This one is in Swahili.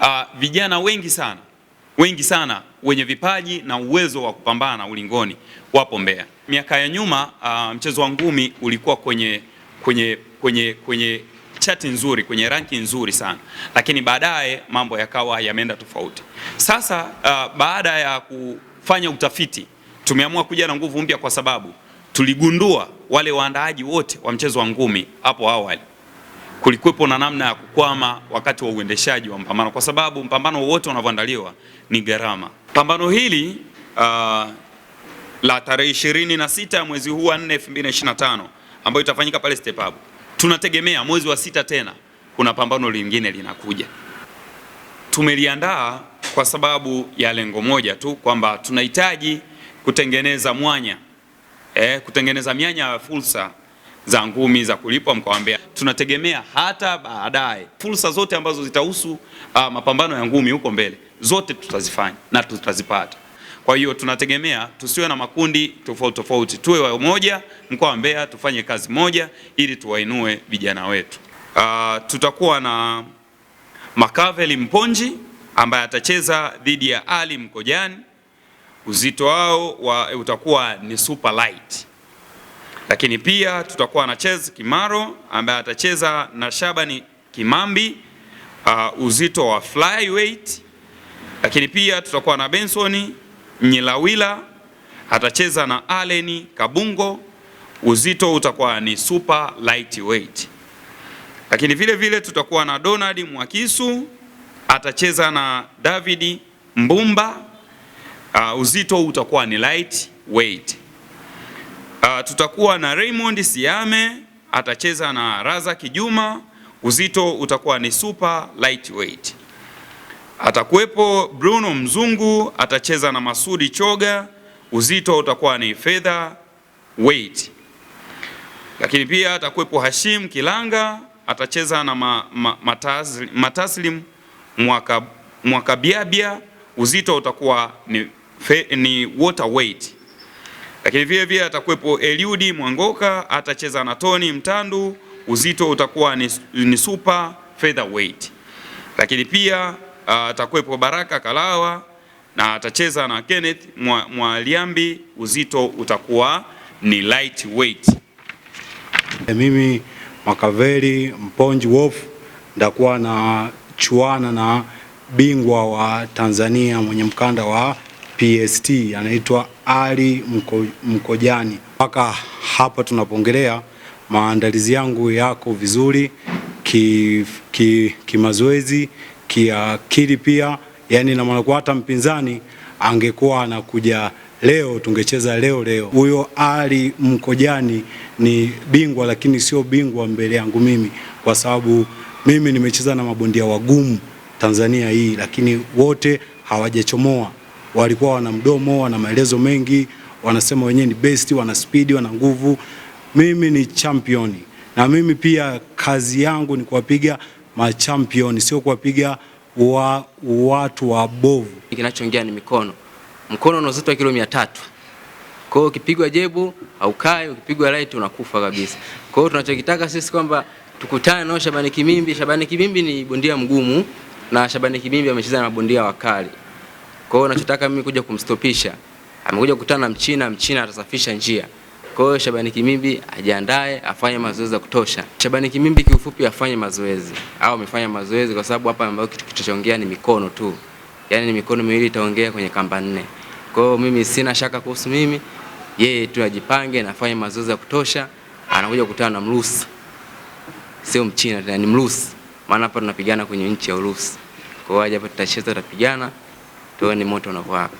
uh, vijana wengi sana wengi sana wenye vipaji na uwezo wa kupambana ulingoni wapo Mbeya. Miaka ya nyuma uh, mchezo wa ngumi ulikuwa kwenye, kwenye, kwenye, kwenye chati nzuri kwenye ranki nzuri sana, lakini baadaye mambo yakawa yameenda tofauti. Sasa uh, baada ya kufanya utafiti tumeamua kuja na nguvu mpya, kwa sababu tuligundua wale waandaaji wote wa mchezo wa ngumi hapo awali kulikuwepo na namna ya kukwama wakati wa uendeshaji wa mpambano, kwa sababu mpambano wote unavyoandaliwa ni gharama. Pambano hili uh, la tarehe 26 ya mwezi huu wa 4 2025, ambayo itafanyika pale Step Up, tunategemea mwezi wa sita tena kuna pambano lingine linakuja. Tumeliandaa kwa sababu ya lengo moja tu kwamba tunahitaji kutengeneza mwanya eh, kutengeneza mianya ya fursa za ngumi za kulipwa, mkawaambia tunategemea hata baadaye fursa zote ambazo zitahusu ah, mapambano ya ngumi huko mbele zote tutazifanya na tutazipata. Kwa hiyo tunategemea tusiwe na makundi tofauti tofauti, tuwe wamoja, mkoa wa Mbeya tufanye kazi moja ili tuwainue vijana wetu. Uh, tutakuwa na Makaveli Mponji ambaye atacheza dhidi ya Ali Mkojani. Uzito wao wa, utakuwa ni super light. Lakini pia tutakuwa na Chez Kimaro ambaye atacheza na Shabani Kimambi uh, uzito wa flyweight. Lakini pia tutakuwa na Benson Nyilawila atacheza na Allen Kabungo, uzito utakuwa ni super lightweight. Lakini vile vile tutakuwa na Donald Mwakisu atacheza na David Mbumba, uh, uzito utakuwa ni lightweight. Uh, tutakuwa na Raymond Siame atacheza na raza kijuma Uzito utakuwa ni super lightweight. Atakuwepo Bruno Mzungu atacheza na Masudi Choga. Uzito utakuwa ni feather weight. Lakini pia atakuwepo Hashim Kilanga atacheza na ma, ma, matasli, Mataslim Mwakabiabia mwaka, uzito utakuwa ni, fe, ni water weight. Lakini vile vile atakuwepo Eliudi Mwangoka, atacheza na Tony Mtandu, uzito utakuwa ni, ni super featherweight. Lakini pia ah, atakuwepo Baraka Kalawa na atacheza na Kenneth Mwaliambi, uzito utakuwa ni lightweight. E, mimi Makaveli Mponji Wolf ndakuwa na chuana na bingwa wa Tanzania mwenye mkanda wa PST anaitwa ali Mko, Mkojani. Mpaka hapa tunapongelea, maandalizi yangu yako vizuri kimazoezi, ki, ki kiakili pia, yani na maana kwa hata mpinzani angekuwa anakuja leo tungecheza leo leo. Huyo Ali Mkojani ni bingwa, lakini sio bingwa mbele yangu mimi, kwa sababu mimi nimecheza na mabondia wagumu Tanzania hii, lakini wote hawajachomoa walikuwa wana mdomo, wana maelezo mengi, wanasema wenyewe ni best, wana speed, wana nguvu. Mimi ni champion na mimi pia kazi yangu ni kuwapiga machampion sio kuwapiga wa, watu wabovu. Kinachoongea ni mikono, mkono una uzito wa kilo mia tatu. Kwa hiyo ukipigwa jebu haukai, ukipigwa right unakufa kabisa. Kwa hiyo tunachokitaka sisi kwamba tukutane nao Shabani Kimimbi. Shabani Kimimbi ni bondia mgumu na Shabani Kimimbi amecheza na mabondia wakali. Kwa hiyo nachotaka mimi kuja kumstopisha, amekuja kukutana na Mchina, Mchina atasafisha njia. Kwa hiyo Shabani Kimimbi ajiandae, afanye mazoezi ya kutosha. Shabani Kimimbi kiufupi, afanye mazoezi au amefanya mazoezi, kwa sababu hapa ambayo kitu kitachoongea ni mikono tu, yaani ni mikono miwili itaongea kwenye kamba nne. Kwa hiyo mimi sina shaka kuhusu mimi, yeye tu ajipange na afanye mazoezi ya kutosha. Anakuja kukutana na Mrusi, sio Mchina tena, ni Mrusi, maana hapa tunapigana kwenye nchi ya Urusi. Kwa hiyo hapa tutacheza, tutapigana tuone moto unavyowaka.